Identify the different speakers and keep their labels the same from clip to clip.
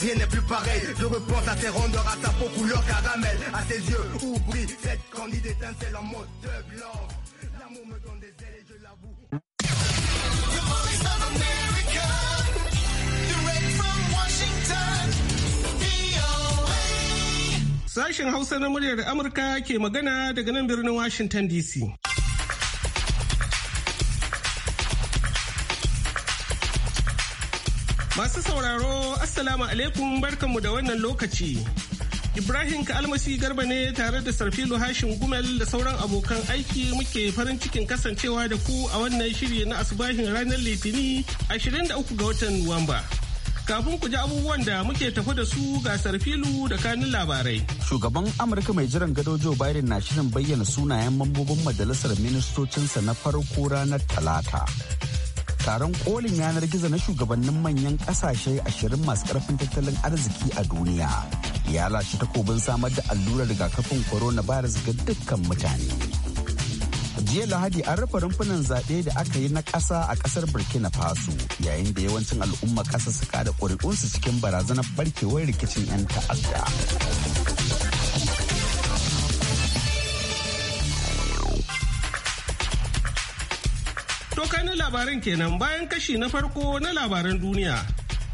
Speaker 1: rien n'est plus pareil. Je repense à ses rondeurs, à sa peau couleur caramel, à ses yeux où brille cette candide étincelle en mode de blanc. L'amour me donne des ailes et je l'avoue.
Speaker 2: Sashen Hausa na muryar Amurka ke magana daga nan birnin Washington DC. Masu sauraro, Assalamu alaikum barkanmu da wannan lokaci. Ibrahim Kalmasi Garba ne tare da Sarfilu Hashim Gumel da sauran abokan aiki muke farin cikin kasancewa da ku a wannan shirye na asubahin ranar Litini 23 ga watan Nuwamba. Kafin ku ji abubuwan da muke tafi da su ga Sarfilu da kanin labarai.
Speaker 3: Shugaban Amurka mai jiran gado Joe Biden na shirin bayyana sunayen mambobin majalisar ministocinsa na farko ranar Talata. taron kolin yanar gizo na shugabannin manyan kasashe ashirin masu karfin tattalin arziki a duniya ya lashe takobin samar da allurar rigakafin coronavirus ga dukkan mutane jiya lahadi an rufe rumfunan zaɓe da aka yi na ƙasa a ƙasar burkina faso yayin da yawancin al'umma ƙasa suka da ƙuri'unsu cikin barazanar barkewar rikicin 'yan ta'adda
Speaker 2: To na labaran kenan bayan kashi na farko na labaran duniya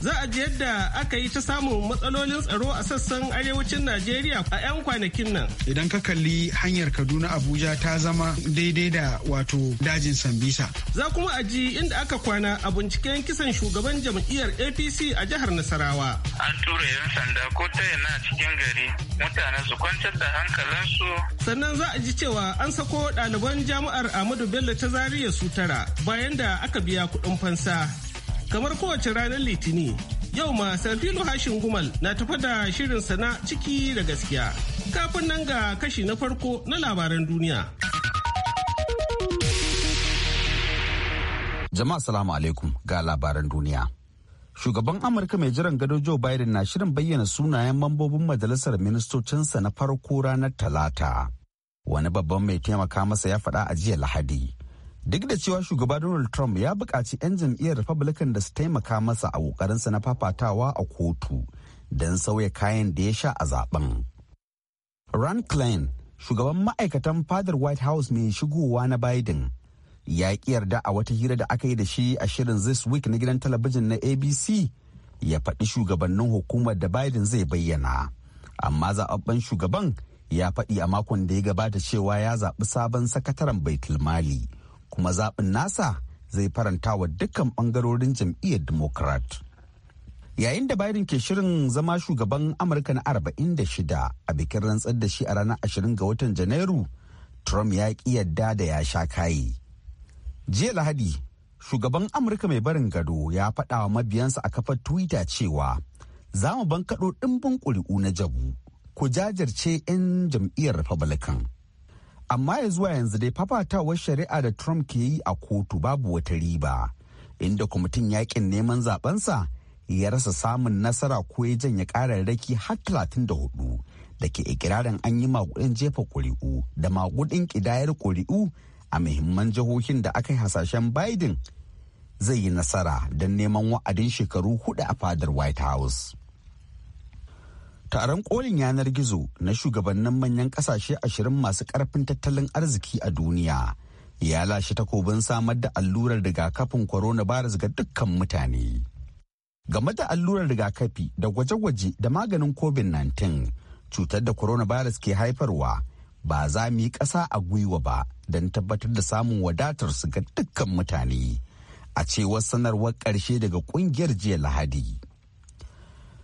Speaker 2: za a ji yadda aka yi ta samun matsalolin tsaro a sassan arewacin najeriya a 'yan kwanakin nan idan ka kalli
Speaker 1: hanyar kaduna abuja ta zama daidai da wato dajin sambisa
Speaker 2: za kuma a ji inda aka kwana a binciken kisan shugaban jam'iyyar apc a jihar nasarawa an
Speaker 4: tura 'yan sanda ko ta yana cikin gari mutane su kwantar da hankalinsu
Speaker 2: sannan za a ji cewa an sako ɗaliban jami'ar ahmadu bello ta zariya sutara bayan da aka biya kuɗin fansa Kamar kowace ranar Litini, yau ma sanfilo Hashin Gumal na tafa da shirin sana ciki da gaskiya. Kafin nan ga kashi na farko na labaran duniya.
Speaker 3: Jama'a salamu alaikum ga labaran duniya. shugaban amurka mai jiran gado joe biden na shirin bayyana sunayen mambobin majalisar ministocinsa na farko ranar talata wani babban mai taimaka masa ya faɗa a jiya lahadi duk da cewa shugaba donald trump ya buƙaci 'yan jam'iyyar republican da su taimaka masa a ƙoƙarinsa na fafatawa a kotu don sauya kayan da ya sha a zaben ron klein shugaban ma'aikatan fadar white house mai shigowa na biden ya ƙi yarda a wata hira da aka yi da shi a shirin this week na gidan talabijin na abc ya faɗi shugabannin hukumar da biden zai bayyana amma zaɓaɓɓen shugaban ya faɗi a makon da ya gabata cewa ya zaɓi sabon sakataren baitulmali kuma zaɓin nasa zai faranta wa dukkan ɓangarorin jam'iyyar democrat yayin da biden ke shirin zama shugaban amurka na 46 a bikin rantsar da shi a ranar 20 ga watan janairu trump ya ƙi yadda da ya sha kayi jiya lahadi shugaban amurka mai barin gado ya faɗa wa mabiyansa a kafar twitter cewa za mu bankaɗo ɗimbin ƙuri'u na jabu ku jajirce 'yan jam'iyyar republican amma ya zuwa yanzu dai fafatawar shari'a da trump ke yi a kotu babu wata riba inda kwamitin yakin neman zabensa ya rasa samun nasara ko ya janye kararraki har 34 da ke ikirarin an yi maguɗin jefa ƙuri'u da maguɗin ƙidayar ƙuri'u a muhimman jihohin da aka yi hasashen biden zai yi nasara don neman wa'adin shekaru hudu a fadar white house taron kolin yanar gizo na shugabannin manyan kasashe ashirin masu karfin tattalin arziki a duniya ya lashe takobin samar da allurar rigakafin coronavirus ga dukkan mutane game da allurar rigakafi da gwaje-gwaje da maganin covid-19 cutar da coronavirus ke haifarwa ba za mu yi ƙasa a gwiwa ba don tabbatar da samun wadatar su ga dukkan mutane a cewar sanarwar ƙarshe daga ƙungiyar jiya lahadi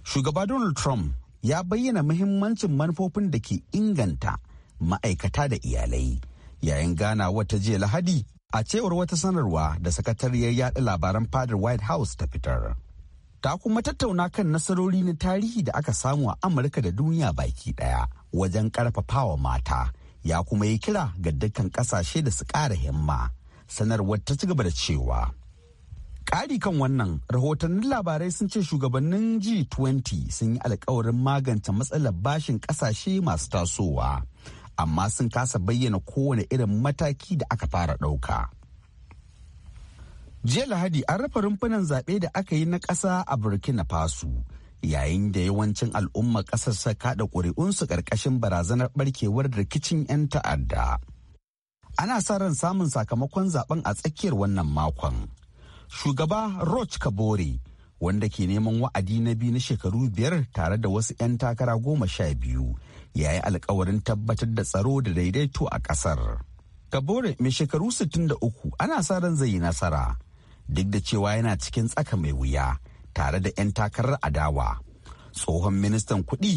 Speaker 3: shugaba donald trump ya bayyana muhimmancin manufofin da ke inganta ma'aikata da iyalai yayin gana wata jiya lahadi a cewar wata sanarwa da sakatariyar yada labaran fadar white house ta fitar ta kuma tattauna kan nasarori na tarihi da aka samu a amurka da duniya baki daya wajen karfafawa mata ya kuma yi kira ga dukkan kasashe da su ƙara himma sanarwar ta ci gaba da cewa Ƙari kan wannan, rahotannin labarai sun ce shugabannin G20 sun yi alkawarin magance matsalar bashin ƙasashe masu tasowa, amma sun kasa bayyana kowane irin mataki da aka fara ɗauka. Jiya Lahadi an rufe rumfunan zaɓe da aka yi na ƙasa a Burkina Faso, yayin da yawancin al'umma ƙasar sa kaɗa ƙuri'unsu ƙarƙashin barazanar ɓarkewar rikicin 'yan ta'adda. Ana sa ran samun sakamakon zaɓen a tsakiyar wannan makon. shugaba roch kabore wanda ke neman wa'adi na biyu na shekaru biyar tare da wasu 'yan takara goma sha biyu ya yi alkawarin tabbatar da tsaro da daidaito a kasar kabore mai shekaru 63 ana sa ran zai yi nasara duk da cewa yana cikin tsaka mai wuya tare da 'yan takarar adawa tsohon ministan kuɗi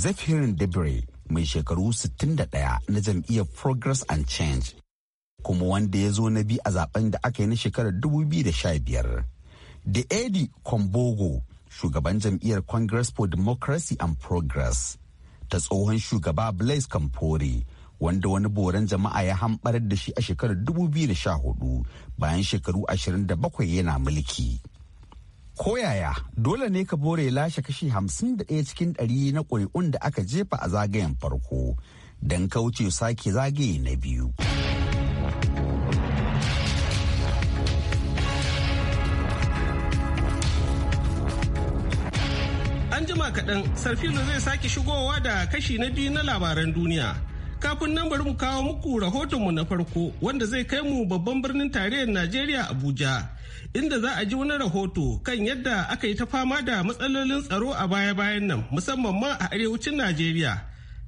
Speaker 3: zafirin debre mai shekaru 61 na jam'iyyar progress and change kuma wanda ya zo na biyu a zaben da aka yi na shekarar 2015 da edi kombogo shugaban jam'iyyar congress for democracy and progress ta tsohon shugaba blaise kamfore wanda wani boran jama'a ya hambarar da shi a shekarar 2014 bayan shekaru 27 yana mulki. Koyaya dole ne ka bore lashe kashi 51 cikin ɗari na ƙuri'un da aka jefa a zagayen farko don kauce sake zagaye na biyu. An
Speaker 2: jima kaɗan Sarfilo zai sake shigowa da kashi na biyu na labaran duniya. Kafin nan bari mu kawo muku rahotonmu na farko wanda zai kai mu babban birnin tarayyar Najeriya Abuja. Inda za a ji wani rahoto kan yadda aka yi ta fama da matsalolin tsaro a baya-bayan nan musamman ma a arewacin Najeriya.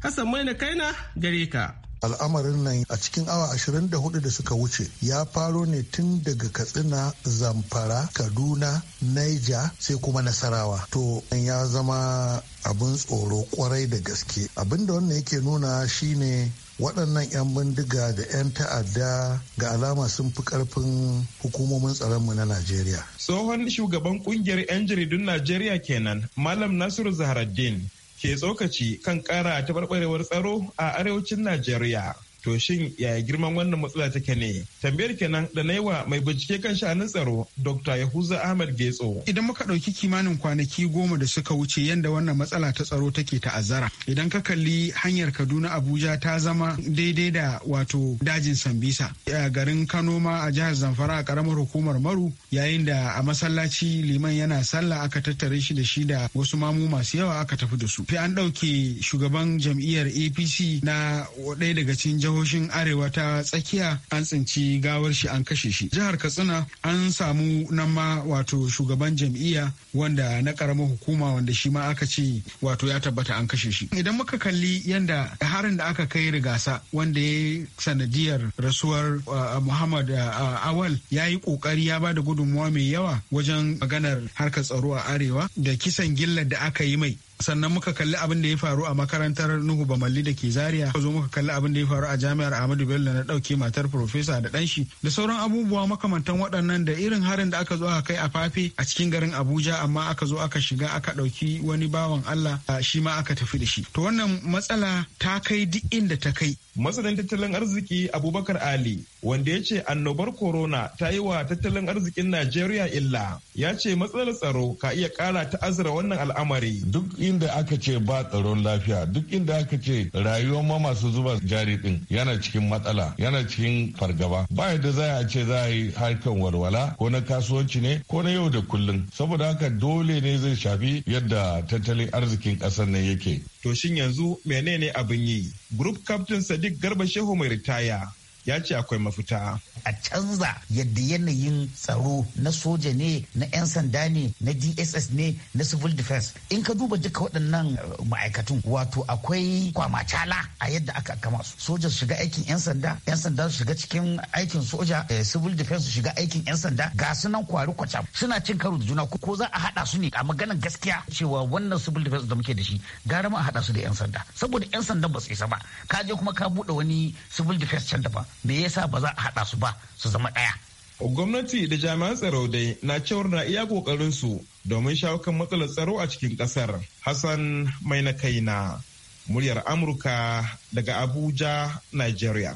Speaker 2: Hassan Maina Kaina gare ka.
Speaker 5: al'amarin nan a cikin awa 24 da suka wuce ya faro ne tun daga katsina zamfara kaduna naija sai kuma nasarawa to ya zama abin tsoro kwarai da gaske abinda wannan yake nuna shine waɗannan 'yan bindiga da 'yan ta'adda ga alama sun fi ƙarfin hukumomin tsaronmu na Najeriya.
Speaker 6: Tsohon shugaban ƙungiyar 'yan jaridun Najeriya kenan, Malam Nasiru Zaharaddin. ke tsokaci kan kara taɓarɓarewar tsaro a arewacin Najeriya. To shin yaya girman wannan matsala take ne? Tambayar kenan da na wa mai bincike kan shanun tsaro Dr. Yahuza Ahmad Getso.
Speaker 1: Idan muka ɗauki kimanin kwanaki goma da suka wuce yadda wannan matsala ta tsaro take ta'azzara. Idan ka kalli hanyar Kaduna Abuja ta zama daidai da wato dajin Sambisa. A garin Kano ma a jihar Zamfara a karamar hukumar Maru yayin da a masallaci liman yana sallah aka tattare shi da shi da wasu mamu masu yawa aka tafi da su. Fi an ɗauke shugaban jam'iyyar APC na ɗaya daga cikin jihohin arewa ta tsakiya an tsinci gawar shi an kashe shi jihar katsina an samu nan ma wato shugaban jam'iyya wanda na karamar hukuma wanda shi ma aka ce wato ya tabbata an kashe shi idan muka kalli yanda harin da aka kai rigasa wanda ya sanadiyar rasuwar uh, muhammad uh, awal ya yi kokari ya bada gudunmuwa mai yawa wajen maganar harkar tsaro a arewa da kisan gillar da aka yi mai sannan muka kalli abin da ya faru a makarantar nuhu bamalli da ke zaria zo muka kalli abin da ya faru a jami'ar ahmadu bello na ɗauke matar profesa da ɗan shi da sauran abubuwa makamantan waɗannan da irin harin da aka zo aka kai a fafe a cikin garin abuja amma aka zo aka shiga aka ɗauki wani bawan
Speaker 6: allah shi ma aka tafi da shi to wannan matsala ta kai duk inda ta kai masanin tattalin arziki abubakar ali wanda ya ce annobar corona ta yi wa tattalin arzikin najeriya illa ya ce matsalar tsaro ka iya kara azura wannan al'amari duk inda aka ce ba tsaron lafiya duk inda aka ce rayuwar ma masu zuba jari din yana cikin matsala yana cikin fargaba ba yadda za a ce za a yi harkan walwala ko na kasuwanci ne ko na yau da kullum saboda haka dole ne zai shafi yadda tattalin arzikin kasar nan yake to shin yanzu menene abin yi group captain sadiq garba shehu mai ritaya ya ce akwai mafita. A canza yadda yanayin tsaro
Speaker 3: na soja ne, na 'yan sanda ne, na DSS ne, na civil defense. In ka duba duka waɗannan uh, ma'aikatun wato akwai kwamacala a yadda aka kama su. Soja su shiga aikin 'yan sanda, 'yan sanda su shiga cikin aikin soja, eh, civil defense su shiga aikin 'yan sanda. Ga su nan kwari kwaca suna cin karo da juna ko za a haɗa su ne a maganar gaskiya cewa wannan civil defense da muke da shi gara ma a haɗa su da 'yan sanda. Saboda 'yan sanda ba su isa ba. Ka je kuma ka buɗe wani civil defense can daban. me yasa ba za a haɗa su ba su zama ɗaya.
Speaker 6: Gwamnati da jami'an tsaro dai na cewar na iya ƙoƙarin su domin shawo kan matsalar tsaro a cikin ƙasar. Hassan mai na na muryar Amurka daga Abuja, Nigeria.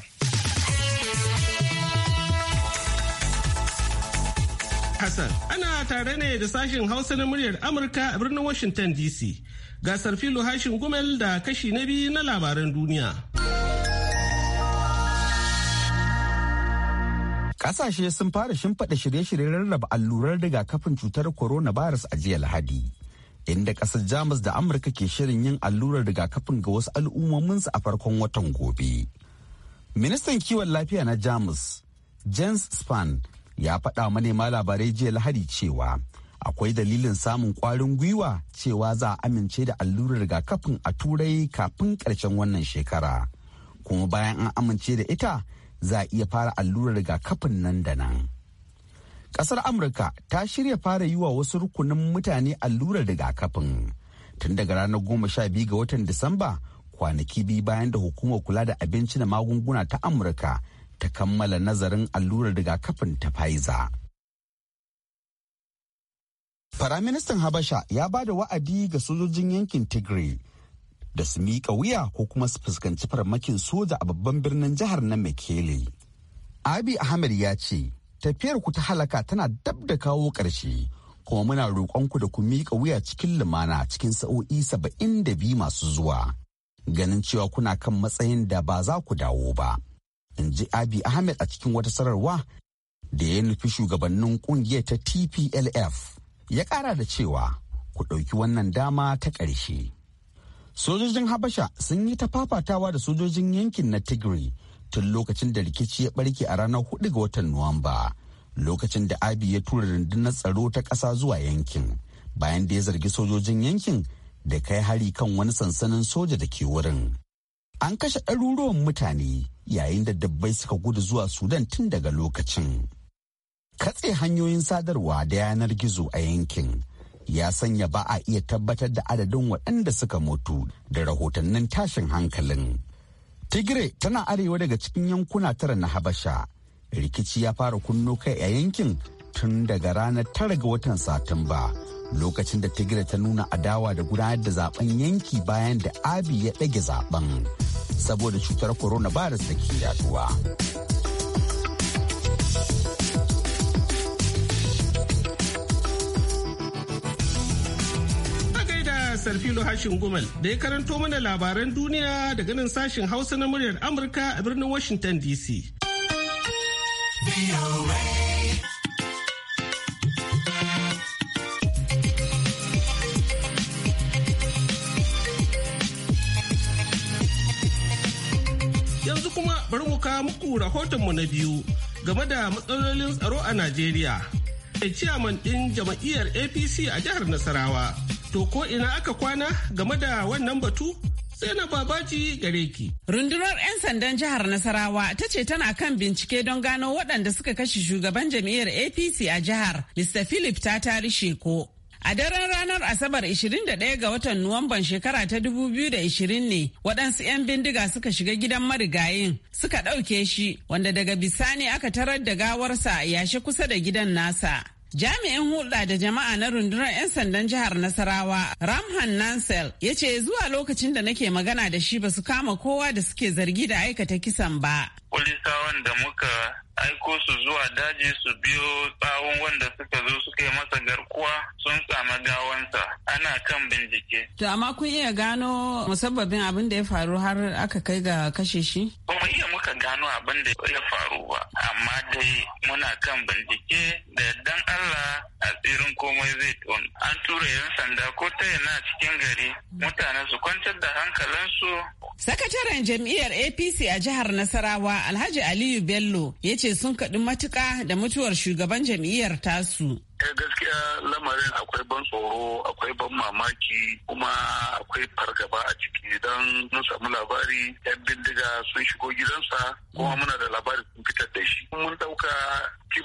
Speaker 2: Hassan, ana tare ne da sashen Hausa na muryar Amurka a birnin Washington DC. Gasar filo hashin gumel da kashi na biyu na labaran duniya.
Speaker 3: Kasashe sun fara shimfiɗa shirye-shiryen rarraba allurar rigakafin cutar corona coronavirus a jiya Lahadi. Inda ƙasar Jamus da Amurka ke shirin yin allurar rigakafin ga wasu al'ummominsu a farkon watan gobe. Ministan kiwon lafiya na Jamus, James span ya faɗa manema labarai jiya Lahadi cewa akwai dalilin samun kwarin gwiwa cewa za a amince da allurar rigakafin a turai kafin ƙarshen wannan shekara kuma bayan an amince da ita za a iya fara allurar rigakafin nan da nan. Ƙasar Amurka ta shirya fara yi wa wasu rukunin mutane allurar rigakafin tun daga ranar goma sha biyu ga watan Disamba kwanaki biyu bayan da hukumar kula da abinci da magunguna ta Amurka ta kammala nazarin allurar rigakafin ta Pfizer. Firaministan Habasha ya ba da wa'adi ga sojojin yankin Tigray da su miƙa wuya ko kuma su fuskanci farmakin soja a babban birnin jihar na Mekele. Abi Ahmed ya ce, tafiyar ku ta halaka tana dab da kawo ƙarshe, kuma muna roƙonku da ku miƙa wuya cikin lumana cikin sa'o'i saba'in da biyu masu zuwa. Ganin cewa kuna kan matsayin da ba za ku dawo ba. In ji Abi Ahmed a cikin wata sararwa da ya nufi shugabannin ƙungiyar ta TPLF. Ya ƙara da cewa, ku ɗauki wannan dama ta ƙarshe. sojojin habasha sun yi ta fafatawa da sojojin yankin na tigray tun lokacin da rikici ya barke a ranar 4 ga watan nuwamba lokacin da abi ya tura rundunar tsaro ta ƙasa zuwa yankin bayan da ya zargi sojojin yankin da kai hari kan wani sansanin soja da ke wurin an kashe ɗaruruwan mutane yayin da dabbai suka gudu zuwa sudan tun daga lokacin katse hanyoyin sadarwa da yanar gizo a yankin ya sanya ba a iya tabbatar da adadin waɗanda suka mutu da rahotannin tashin hankalin. Tigre tana arewa daga cikin yankuna tara na Habasha. Rikici ya fara kunno kai a yankin tun daga ranar tara ga watan Satumba. Lokacin da Tigre ta nuna adawa da gudanar da zaben yanki bayan da Abi ya ɗage zaben saboda cutar coronavirus da ke yaduwa.
Speaker 2: filo Hashin Gumal da ya karanto mana labaran duniya daga nan sashen Hausa na muryar Amurka a birnin Washington DC. Yanzu kuma bari mu kawo muku rahotonmu na biyu game da matsalolin tsaro a Najeriya. Ciyaman ɗin jama'iyyar APC a jihar Nasarawa. To ko ina aka kwana
Speaker 7: game da wannan batu?
Speaker 2: sai na babaji gare ki.
Speaker 7: Rundunar 'yan sandan jihar Nasarawa ta ce tana kan bincike don gano waɗanda suka kashe shugaban jam'iyyar APC a jihar, Mr. Philip ta tari sheko. A daren ranar Asabar 21 ga watan Nuwamban shekara ta 2020 ne waɗansu 'yan bindiga suka shiga gidan marigayin suka ɗauke shi wanda daga bisani aka tarar da gawarsa yashe kusa da gidan nasa. Jami'in hulɗa da jama'a na rundunar 'yan sandan jihar Nasarawa, Ramhan Nansel, ya ce zuwa lokacin da nake magana da shi ba su kama kowa da suke zargi da aikata kisan ba.
Speaker 4: Kulisawan da muka aiko su zuwa daji su biyo tsawon wanda suka zo suka yi masa garkuwa sun sami gawansa ana kan bincike. To
Speaker 7: amma kun iya gano musabbabin abin da ya faru har aka kai ga kashe shi? Ba iya
Speaker 4: muka gano abin da ya faru ba amma dai muna kan bincike da dan Allah asirin komai zai tona. An tura yan sanda ko ta yana cikin gari
Speaker 8: mutane su kwantar da hankalinsu.
Speaker 7: Sakataren jam'iyyar APC a jihar Nasarawa Alhaji Aliyu Bello ya ce sun kaɗi matuƙa da mutuwar shugaban jam'iyyar tasu.
Speaker 2: ya eh, gaskiya lamarin akwai ban tsoro, akwai ban mamaki, kuma
Speaker 4: akwai fargaba a ciki idan mun samu labari yan bindiga sun shigo gidansa kuma mm. muna da labari sun fitar da shi. Mun dauka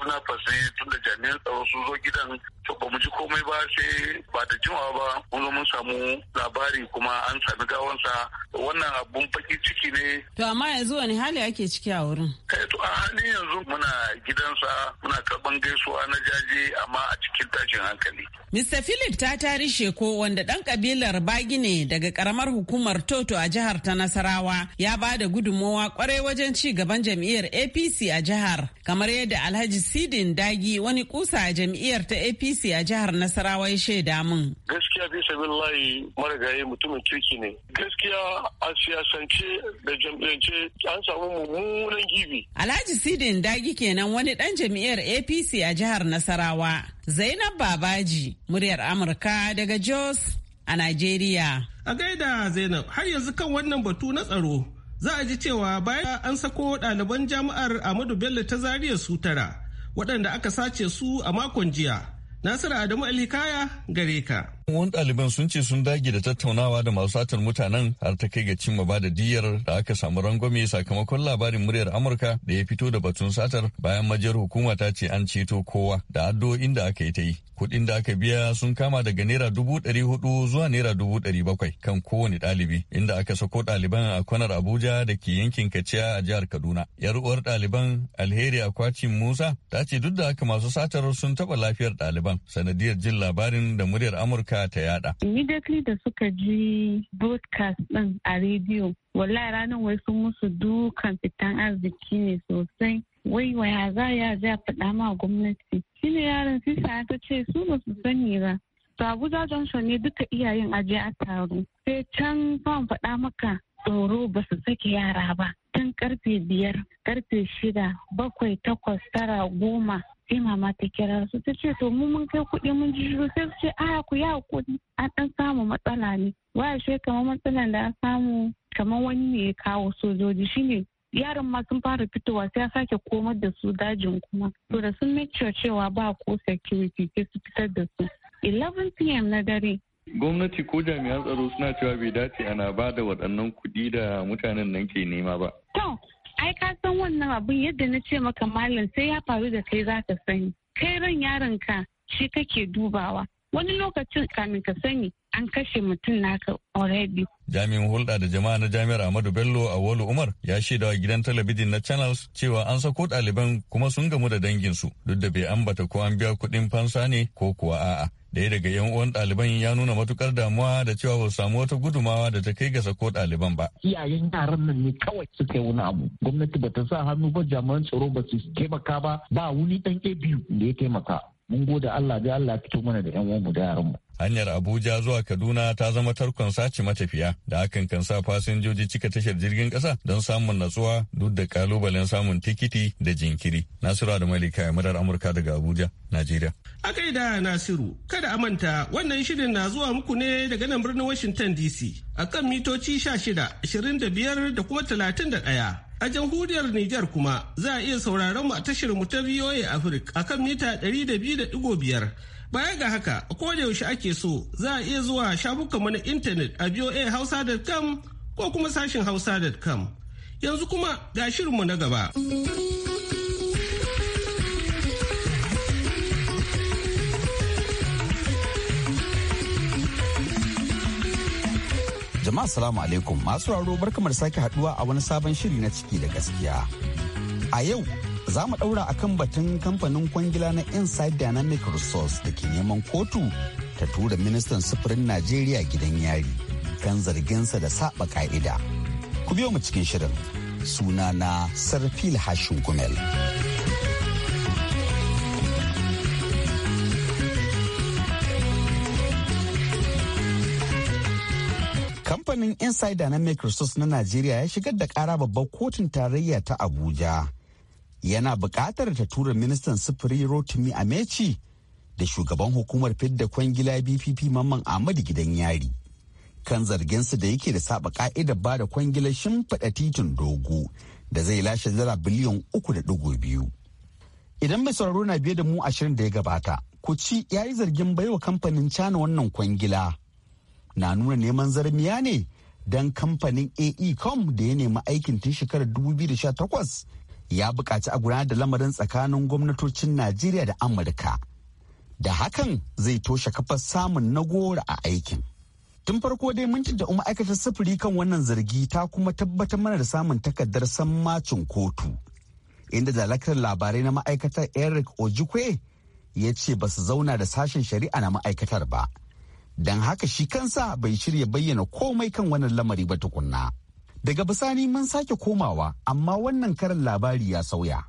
Speaker 4: na ne tun da jami'an tsaro sun zo gidan to ba mu ji komai ba sai ba da jimawa ba mun mun samu labari kuma an sami gawansa wannan abun baki ciki ne.
Speaker 7: To amma yanzu wani hali ake ciki a wurin?
Speaker 4: Eh to a halin yanzu muna gidansa muna karban gaisuwa na jaje
Speaker 7: amma a cikin tashin hankali. Mr. Philip ta tari sheko wanda ɗan kabilar Bagine daga ƙaramar hukumar Toto a jihar ta Nasarawa ya ba da gudunmowa kwarai wajen ci gaban jam'iyyar APC a jihar. Kamar yadda Alhaji Sidin Dagi wani kusa a jam'iyyar ta APC a jihar Nasarawa ya shaida min.
Speaker 8: Gaskiya fi sabillahi marigayi mutumin kirki ne. Gaskiya a siyasance da jam'iyyance an samu mummunan gibi.
Speaker 7: Alhaji Sidin Dagi kenan wani ɗan jam'iyyar APC a jihar Nasarawa. Zainab Babaji, muryar Amurka daga Jos a Najeriya.
Speaker 2: A gaida Zainab, har yanzu kan wannan batu na tsaro, za a ji cewa bayan an sako ɗaliban jami'ar Ahmadu Bello ta Zariya su tara, waɗanda aka sace su a makon jiya. Nasiru Adamu Ali Kaya gare ka. Wani ɗaliban sun ce sun dage da
Speaker 4: tattaunawa da masu satar mutanen har ta kai ga cimma ba da diyar da aka samu rangwame sakamakon labarin muryar Amurka da ya fito da batun satar bayan majiyar hukuma ta ce an ceto kowa da addo inda aka yi ta yi. Kuɗin da aka biya sun kama daga naira dubu ɗari hudu zuwa naira dubu ɗari bakwai kan kowane ɗalibi inda aka sako ɗaliban a kwanar Abuja da ke yankin Kaciya a jihar Kaduna. Yar uwar ɗaliban Alheri Akwacin Musa ta ce duk da aka masu satar sun taɓa lafiyar ɗaliban sanadiyar jin labarin da muryar Amurka amurka ta yada
Speaker 8: immediately da suka ji broadcast din a rediyo wallahi ranar wai sun musu dukan fitan arziki ne sosai wai ya za ya ja faɗa ma gwamnati shine yaron sisa ta ce su ba su sani ba to abuja junction ne duka iyayen aje a taro sai can ban faɗa maka tsoro ba su sake yara ba tun karfe biyar karfe shida bakwai takwas tara goma sai eh, mama ta kira su ta ce to mu mun kai kuɗi mun ji shiru sai su ce a ah, ku ya kuɗi an ɗan samu matsala ne waya shi kamar matsalan da an samu kamar wani ne ya kawo sojoji shine yaran ma sun fara fitowa sai ya sake komar da su dajin kuma to da sun make cewa ba ko security sai su fitar da su 11 pm na dare
Speaker 4: gwamnati ko jami'an tsaro suna cewa bai dace ana ba da waɗannan kuɗi da mutanen nan ke nema ba.
Speaker 8: ai ka san wannan abin yadda na ce maka malam sai ya faru da kai zaka sani kai ran yaron ka shi kake dubawa wani lokacin kamin ka sani an kashe mutum naka already.
Speaker 4: Jami'in hulɗa da jama'a na jami'ar Ahmadu Bello a Umar ya shaida wa gidan talabijin na Channels cewa an sako ɗaliban kuma sun gamu da danginsu duk da bai ambata ko an biya kuɗin fansa ne ko kuwa a'a. Daya daga yan uwan ɗaliban ya nuna matukar damuwa da cewa ba samu wata gudumawa da ta kai ga sako ɗaliban ba.
Speaker 3: Iyayen yaran nan ne kawai suka yi wani abu. Gwamnati ba ta sa hannu ba jami'an tsaro ba su taimaka ba ba wuni ɗan biyu da ya taimaka. mun gode Allah bi Allah fito mana da yan uwanmu da yaranmu
Speaker 4: hanyar Abuja zuwa Kaduna ta zama tarkon sace matafiya da hakan kan sa fasinjoji cika tashar jirgin ƙasa don samun natsuwa duk da kalubalen samun tikiti da jinkiri. Nasiru da Malika ya murar Amurka daga Abuja, Najeriya.
Speaker 2: A da Nasiru, kada a manta wannan shirin na zuwa muku ne daga nan birnin Washington DC a kan mitoci 16, 25 da kuma 31. A jamhuriyar Nijar kuma za a iya sauraron mu a tashar mu ta VOA Africa akan mita 200.5. Baya ga haka, ko da yaushe ake so za a iya zuwa shafukanmu na intanet a voahausa.com ko kuma sashin hausa.com. Yanzu kuma ga shirinmu na gaba.
Speaker 3: Jama'a salamu alaikum masu raro barkamar sake haduwa a wani sabon shiri na ciki da gaskiya. A yau za mu daura akan batun kamfanin kwangila na Inside Dynamic Resource da ke neman kotu ta tura ministan sufurin Najeriya gidan yari kan zarginsa da saba ka'ida. Ku biyo mu cikin shirin suna na Sarfil Hashin Gumel. kamfanin insider na microsoft na najeriya ya shigar da kara babbar kotun tarayya ta abuja yana bukatar ta tura ministan sufuri rotimi amechi da shugaban hukumar fidda kwangila bpp mamman ahmadu gidan yari kan zarginsu da yake da saba ka'idar ba da kwangilar shimfiɗa titin dogo da zai lashe dala biliyan uku da ɗigo biyu idan mai sauraro na biye da mu ashirin da ya gabata kuci ya yi zargin baiwa kamfanin cana wannan kwangila na nuna neman zarmiya ne don kamfanin aecom da ya nemi aikin tun shekarar 2018 ya buƙaci a gudanar da lamarin tsakanin gwamnatocin najeriya da amurka da hakan zai toshe kafar samun nagora a aikin tun farko dai mun da ma'aikatar sufuri kan wannan zargi ta kuma tabbatar mana da samun takardar sammacin kotu inda dalakar labarai na ma'aikatar eric ojukwe ya ce ba su zauna da sashen shari'a na ma'aikatar ba don haka shi kansa bai shirya bayyana komai kan wannan lamari ba tukunna. Daga bisani mun sake komawa amma wannan karin labari ya sauya.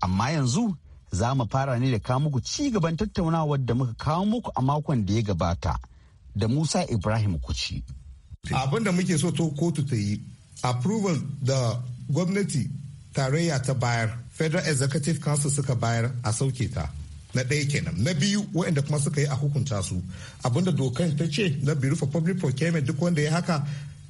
Speaker 3: Amma yanzu za mu fara ne da kawo muku ci gaban tattaunawar da muka kawo muku a makon da ya gabata da Musa Ibrahim Kuci. Abin da muke so to kotu ta yi, approval da gwamnati
Speaker 5: tarayya ta bayar, Federal Executive Council suka bayar a sauke ta. na ɗaya kenan na biyu waɗanda kuma suka yi a hukunta su abinda dokar ta ce na biyu rufe public procurement duk wanda ya haka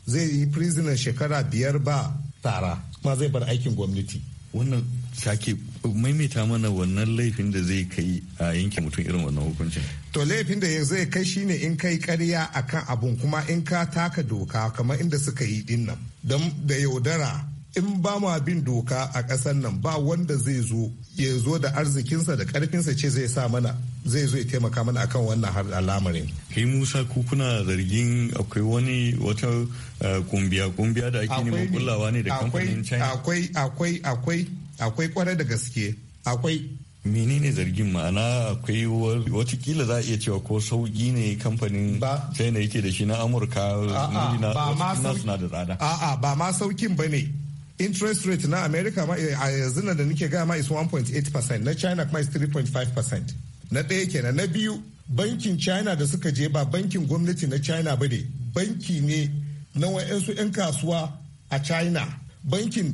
Speaker 5: zai yi prisoner shekara biyar ba tara kuma zai bar aikin gwamnati
Speaker 4: wannan sake maimaita mana wannan laifin da zai kai a yanke mutum irin wannan hukuncin
Speaker 5: to laifin da zai kai shine in kai karya akan abun kuma in ka taka doka kamar inda suka yi dinnan don da yaudara in ba mu bin doka a ƙasar nan ba wanda zai zo ya zo da arzikinsa da ƙarfinsa ce zai sa mana zai zo ya taimaka mana akan wannan har al'amarin.
Speaker 4: Kai Musa ku kuna zargin akwai wani wata eh, kumbiya kumbiya da ake neman kullawa ne da kamfanin China. Akwai akwai akwai akwai kwarai da gaske akwai menene zargin ma'ana akwai watakila za a iya cewa ko sauƙi ne kamfanin china yake da shi na amurka
Speaker 5: ba ma sauƙin ba ne interest rate na america ma eh, a yanzu da nake gaya ma is 1.8% na china kuma is 3.5% na ɗaya kenan na biyu bankin china da suka je ba bankin gwamnati na china ba ne banki ne na wa'yansu 'yan kasuwa a china bankin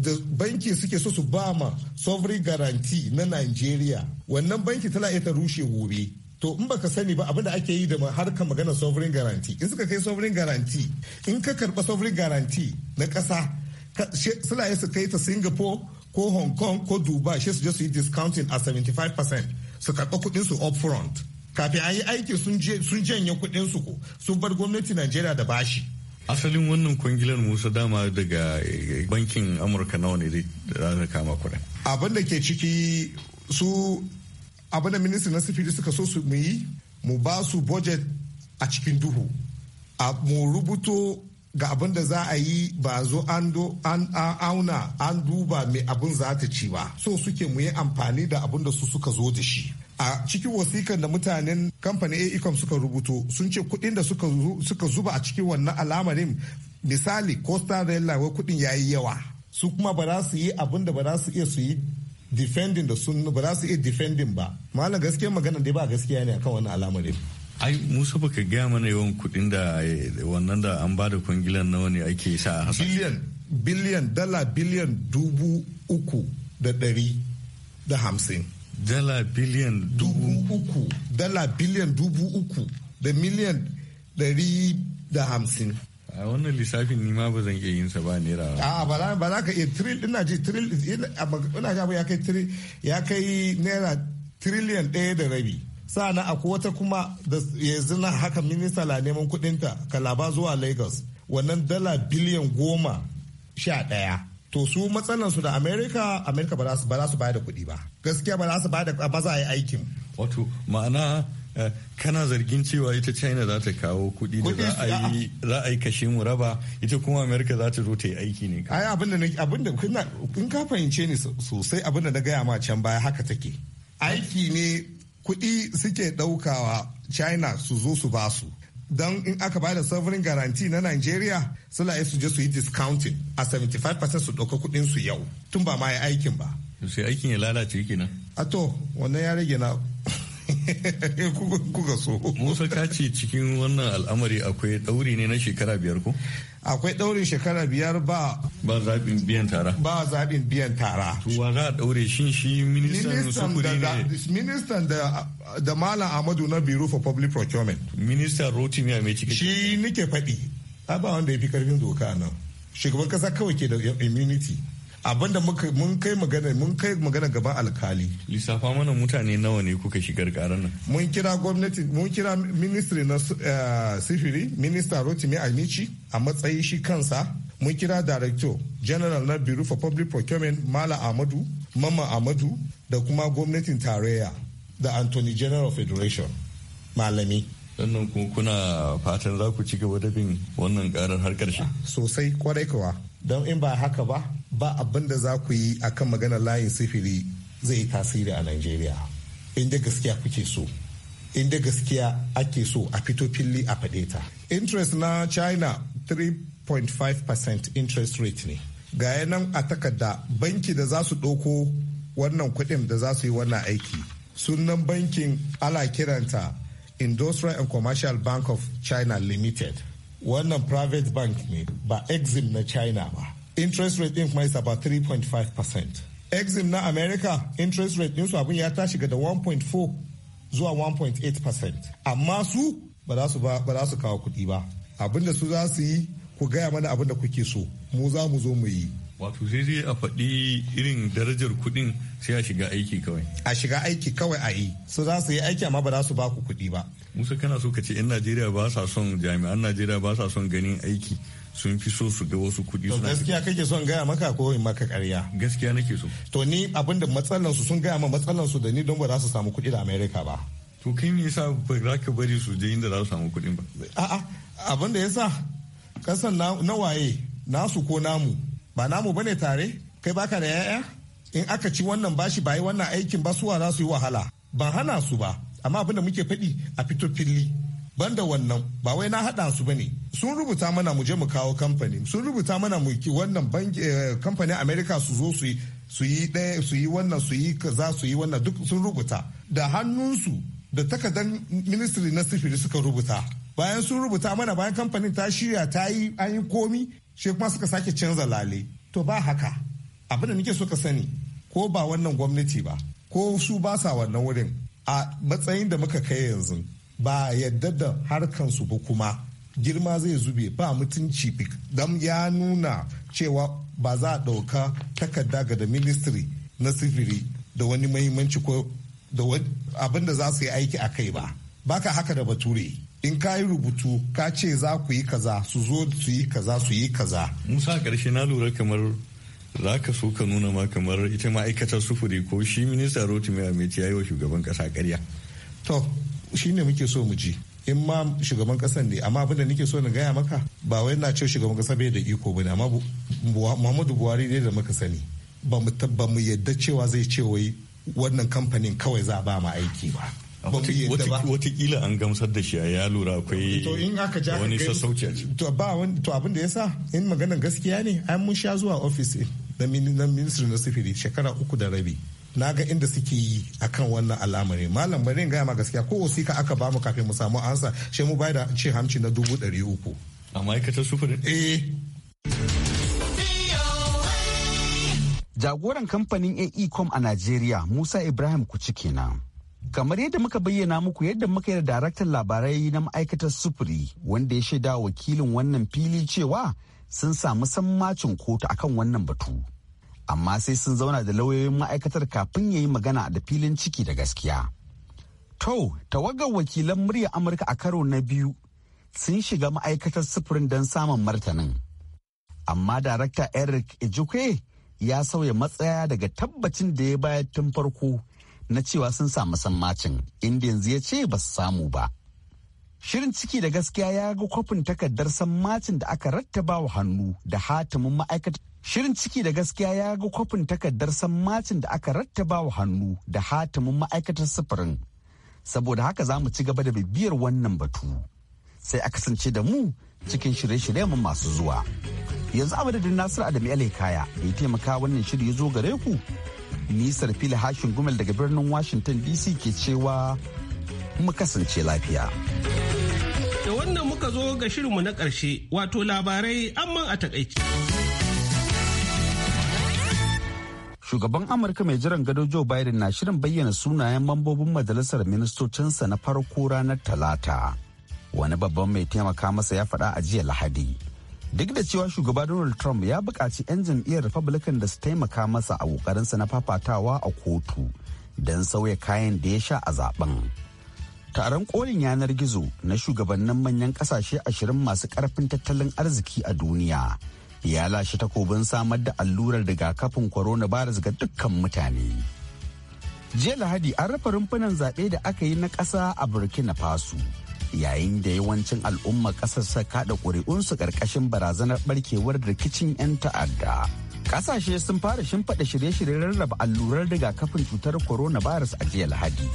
Speaker 5: da banki suke so su ba ma sovereign guarantee na nigeria wannan banki tana iya ta rushe gobe to in baka sani ba abin da ake yi da harkar magana sovereign guarantee in suka kai sovereign guarantee in ka karba sovereign guarantee na kasa sulaye su kai ta singapore ko hong kong ko dubai shi su je su yi discounting a 75% su karɓa kuɗin su up front kafin an yi aiki sun janye kuɗin su ko sun bar gwamnati najeriya da
Speaker 4: bashi asalin wannan kwangilar musa dama daga eh, bankin amurka nawa ne da da kama kuɗin
Speaker 5: abin da ke ciki su abin da ministan na sifiri suka so su mu yi mu ba su budget a cikin duhu a mu rubuto ga abin da za a yi ba zo an auna an duba mai abin za ta ci ba so suke mu yi amfani da abin da su suka zo da shi a cikin wasikan da mutanen kamfanin aecom suka rubuto sun ce kudin da suka zuba a cikin wannan alamarin misali costa raila wai kudin ya yi yawa su kuma ba za su yi abin da ba za su iya su yi defending da sun ba za su iya defending ba malam gaskiya magana dai ba gaskiya ne akan wannan alamarin
Speaker 4: ai musa baka gaya mana yawan kuɗin da eh, wannan da an bada kwangilan nawa ne ake sa a biliyan
Speaker 5: biliyan dala biliyan dubu uku da ɗari da hamsin dala biliyan dubu uku dala biliyan dubu uku da miliyan ɗari da hamsin
Speaker 4: a wannan lissafin nima ba zan iya yin sa ba rawa a ba
Speaker 5: ba za ka iya tril ina ji tril ina ya kai ya kai naira tiriliyan ɗaya da rabi sa'ana akwai wata kuma da yanzu na haka minista na neman kudinta kalaba zuwa lagos wannan dala biliyan goma sha ɗaya to su su da america america ba za su bayar da kuɗi ba gaskiya ba za su bayar da ba za a yi aikin
Speaker 4: wato ma'ana eh, kana zargin cewa ita china za ta kawo kuɗi da za a yi kashe mu raba ita kuma america za ta zo ta yi aiki ne
Speaker 5: ai abinda abinda kun ka fahimce ni sosai abinda na gaya ma can baya haka take aiki ne kuɗi suke ɗaukawa china su zo su ba su don in aka ba da sovereign guarantee na nigeria sula su je su yi discounting a 75% su ɗauka kuɗin su yau tun ba ma ya aikin ba
Speaker 4: sai aikin ya lalace kenan
Speaker 5: a to wannan ya rage na
Speaker 4: kuka so musa ka ce cikin wannan al'amari akwai ɗauri ne na shekara biyar ko akwai ɗaurin shekara biyar ba ba zaɓin biyan tara
Speaker 5: ba zaɓin biyan tara tuwa za a ɗaure shin shi ministan sufuri ne ministan da da malam amadu na biro for public procurement ministan rotimi mai cikin shi nike faɗi ba wanda ya fi karfin doka nan shugaban kasa kawai ke da immunity abinda muka mun kai magana mun kai magana gaban alkali
Speaker 4: lissafa mana mutane nawa ne kuka shigar karan nan
Speaker 5: mun kira gwamnati mun kira ministry na eh, sifiri minista rotimi amici a matsayi shi kansa mun kira director general na bureau for public procurement mala amadu mama amadu da kuma gwamnatin tarayya da anthony general
Speaker 4: federation malami sannan kuna fatan za ku ci gaba da bin wannan karar har karshe
Speaker 5: sosai kwarai kawa don in ba haka ba ba abin da za ku yi akan magana layin sifiri zai yi tasiri a Najeriya. Inda gaskiya kuke so, inda gaskiya ake so a fito fili a faɗe ta. Interest na China 3.5% interest rate ne. Ga yanan a takarda banki da za su ɗauko wannan kuɗin da za su yi wannan aiki. Sunan bankin ala kiranta Industrial and Commercial Bank of China Limited. Wannan private bank ne ba exim na China ba. interest rate din kuma is about 3.5 percent exim na america interest rate su abin ya tashi ga da 1.4 zuwa 1.8 percent amma su ba su ba za su kawo kuɗi ba abin da su za su yi ku gaya mana abin da kuke so mu za mu zo mu yi
Speaker 4: wato sai dai a faɗi irin darajar kuɗin sai a shiga aiki kawai a shiga aiki kawai a yi su za su
Speaker 5: yi aiki amma ba za su ba ku kuɗi ba
Speaker 4: musa kana so ka ce 'yan najeriya ba sa son jami'an najeriya ba sa son ganin aiki sun fi so su ga wasu kuɗi suna gaskiya
Speaker 5: kake son gaya maka ko in maka ƙarya gaskiya nake so to ni abinda matsalan su sun gaya ma matsalan su da ni don ba za su samu kuɗi da america ba
Speaker 4: to kai me yasa ba za ka bari su je inda za su samu kuɗin ba a'a abin da yasa
Speaker 5: kasan na waye nasu ko namu ba namu bane tare kai baka da yaya in aka ci wannan bashi ba yi wannan aikin ba suwa za su yi wahala ban hana su ba amma abin da muke faɗi a fito fili banda wannan ba wai na haɗa su bane sun rubuta mana mu je mu kawo kamfani sun rubuta mana mu ki wannan eh, kamfanin america su zo su yi su yi ɗaya su yi wannan su yi kaza su yi wannan duk sun rubuta da hannunsu da takardar ministry na sifiri suka rubuta bayan sun rubuta mana bayan kamfanin ta shirya ta yi an yi komi shi kuma suka sake canza lale to ba haka abin da nake so ka sani ko ba wannan gwamnati ba ko su ba sa wannan wurin a matsayin da muka kai yanzu ba a yadda da harkansu ba kuma girma zai zube ba mutunci don ya nuna cewa ba za a ɗauka takarda ga da ministry na sifiri da wani mahimmanci ko da abin da za su yi aiki a kai ba ba ka haka da bature in ka yi rubutu ka ce za ku yi kaza
Speaker 4: su zo su yi kaza su yi kaza musa ƙarshe na lura kamar za ka so ka nuna ma kamar ita ma'aikatar sufuri ko shi minista rotimi a ya yi wa shugaban ƙasa ƙarya to shine muke so mu ji in ma shugaban kasan ne amma abinda nake so na gaya maka
Speaker 5: ba wai na ce shugaban kasa bai da iko bane amma Muhammadu Buhari ne da muka sani ba mu ba mu yadda cewa zai ce wai wannan kamfanin kawai za ba mu aiki ba
Speaker 4: Wataƙila an gamsar da shi a ya lura akwai wani sassauci a ciki
Speaker 5: to abin da ya sa in maganar gaskiya ne an mun sha zuwa ofis na ministry na sifiri shekara uku da rabi na ga inda suke yi akan wannan al'amari malam bari gaya ma gaskiya ko wasika aka bamu kafin mu samu ansa shi mu bai da ce hamci na dubu ɗari uku
Speaker 4: a ma'aikatar
Speaker 3: sufuri. eh jagoran kamfanin aecom a e nigeria musa ibrahim ku ci kenan kamar yadda muka bayyana muku yadda muka yi da daraktan labarai na ma'aikatar sufuri wanda ya shaida wakilin wannan fili cewa sun samu sammacin kotu akan wannan batu amma sai sun zauna da lauyoyin ma'aikatar kafin ya yi magana da filin ciki da gaskiya. To, tawagar wakilan murya Amurka a karo na biyu sun shiga ma'aikatar sufurin don samun martanin. Amma darakta Eric Ejikwe ya sauya matsaya daga tabbacin da ya bayar tun farko na cewa sun samu sammacin, inda yanzu ya ce ba su samu ba. Shirin ciki da gaskiya ya ga kwafin takardar sammacin da aka rattaba wa hannu da hatimin ma'aikatar Shirin ciki da gaskiya ya ga kwafin takardar sammacin da aka rattaba wa hannu da hatimin ma'aikatar sufurin. Saboda haka za mu ci gaba da bibiyar wannan batu. Sai a kasance da mu cikin shirye-shiryen masu zuwa. Yanzu madadin Nasiru Adamu ele Kaya da ya taimaka wannan shiri ya zo gare ku. Nisar fili hashin gumel daga birnin Washington DC ke cewa mu kasance lafiya.
Speaker 2: Da wannan muka zo ga shirinmu na ƙarshe wato labarai amman a takaice.
Speaker 3: shugaban amurka mai jiran gado joe biden na shirin bayyana sunayen mambobin majalisar ministocinsa na farko ranar talata wani babban mai taimaka masa ya faɗa a jiya lahadi duk da cewa shugaba donald trump ya buƙaci 'yan jam'iyyar republican da su taimaka masa a ƙoƙarinsa na fafatawa a kotu don sauya kayan da ya sha a zaben taron ƙolin yanar gizo na shugabannin manyan ƙasashe ashirin masu ƙarfin tattalin arziki a duniya ya lashe takobin samar da allurar rigakafin coronavirus ga dukkan mutane. Jiya Lahadi an rufe rumfunan zaɓe da aka yi na ƙasa a Burkina Faso yayin da yawancin al'umma ƙasar sa kaɗa ƙuri'unsu ƙarƙashin barazanar ɓarkewar rikicin 'yan ta'adda. Ƙasashe sun fara shimfiɗa shirye-shiryen rarraba allurar rigakafin cutar coronavirus a jiya Lahadi.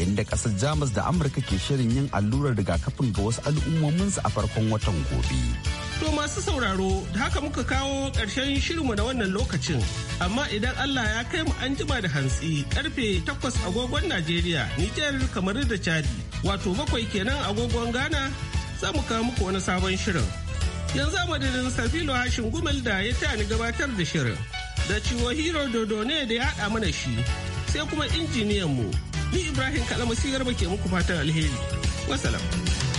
Speaker 3: Inda ƙasar Jamus da Amurka ke shirin yin allurar rigakafin ga wasu al'ummominsu a farkon watan gobe.
Speaker 2: To masu sauraro, da haka muka kawo ƙarshen shirinmu na wannan lokacin. Amma idan Allah ya kai mu an jima da hantsi karfe takwas agogon Najeriya, Nijar kamar da Chadi, wato bakwai kenan agogon Ghana, za mu kawo muku wani sabon shirin. Yanzu a madadin Safilo Hashin Gumel da ya ta ni gabatar da shirin. Da ciwo Hero Dodo ne da ya haɗa mana shi, sai kuma injiniyan mu. Ni Ibrahim Kalamasi Garba ke muku fatan alheri. Wasalam.